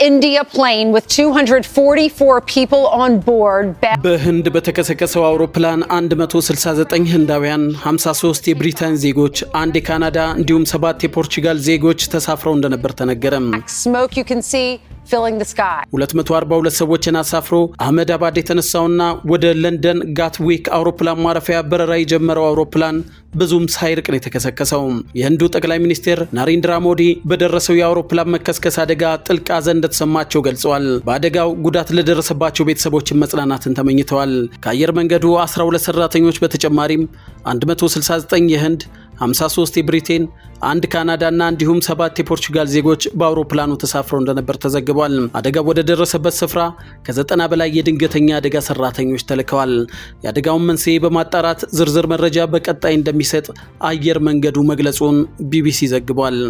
India plane with 244 people on board. በህንድ በተከሰከሰው አውሮፕላን 169 ህንዳውያን፣ 53 የብሪታን ዜጎች፣ አንድ የካናዳ እንዲሁም ሰባት የፖርቹጋል ዜጎች ተሳፍረው እንደነበር ተነገረም። 242 ሰዎችን አሳፍሮ አህመድ አባድ የተነሳውና ወደ ለንደን ጋትዊክ አውሮፕላን ማረፊያ በረራ የጀመረው አውሮፕላን ብዙም ሳይርቅ ነው የተከሰከሰው። የህንዱ ጠቅላይ ሚኒስትር ናሬንድራ ሞዲ በደረሰው የአውሮፕላን መከስከስ አደጋ ጥልቅ ሐዘን እንደተሰማቸው ገልጸዋል። በአደጋው ጉዳት ለደረሰባቸው ቤተሰቦችን መጽናናትን ተመኝተዋል። ከአየር መንገዱ 12 ሰራተኞች በተጨማሪም 169 የህንድ 53 የብሪቴን አንድ ካናዳና እንዲሁም ሰባት የፖርቹጋል ዜጎች በአውሮፕላኑ ተሳፍረው እንደነበር ተዘግቧል። አደጋው ወደ ደረሰበት ስፍራ ከዘጠና በላይ የድንገተኛ አደጋ ሰራተኞች ተልከዋል። የአደጋውን መንስኤ በማጣራት ዝርዝር መረጃ በቀጣይ እንደሚሰጥ አየር መንገዱ መግለጹን ቢቢሲ ዘግቧል።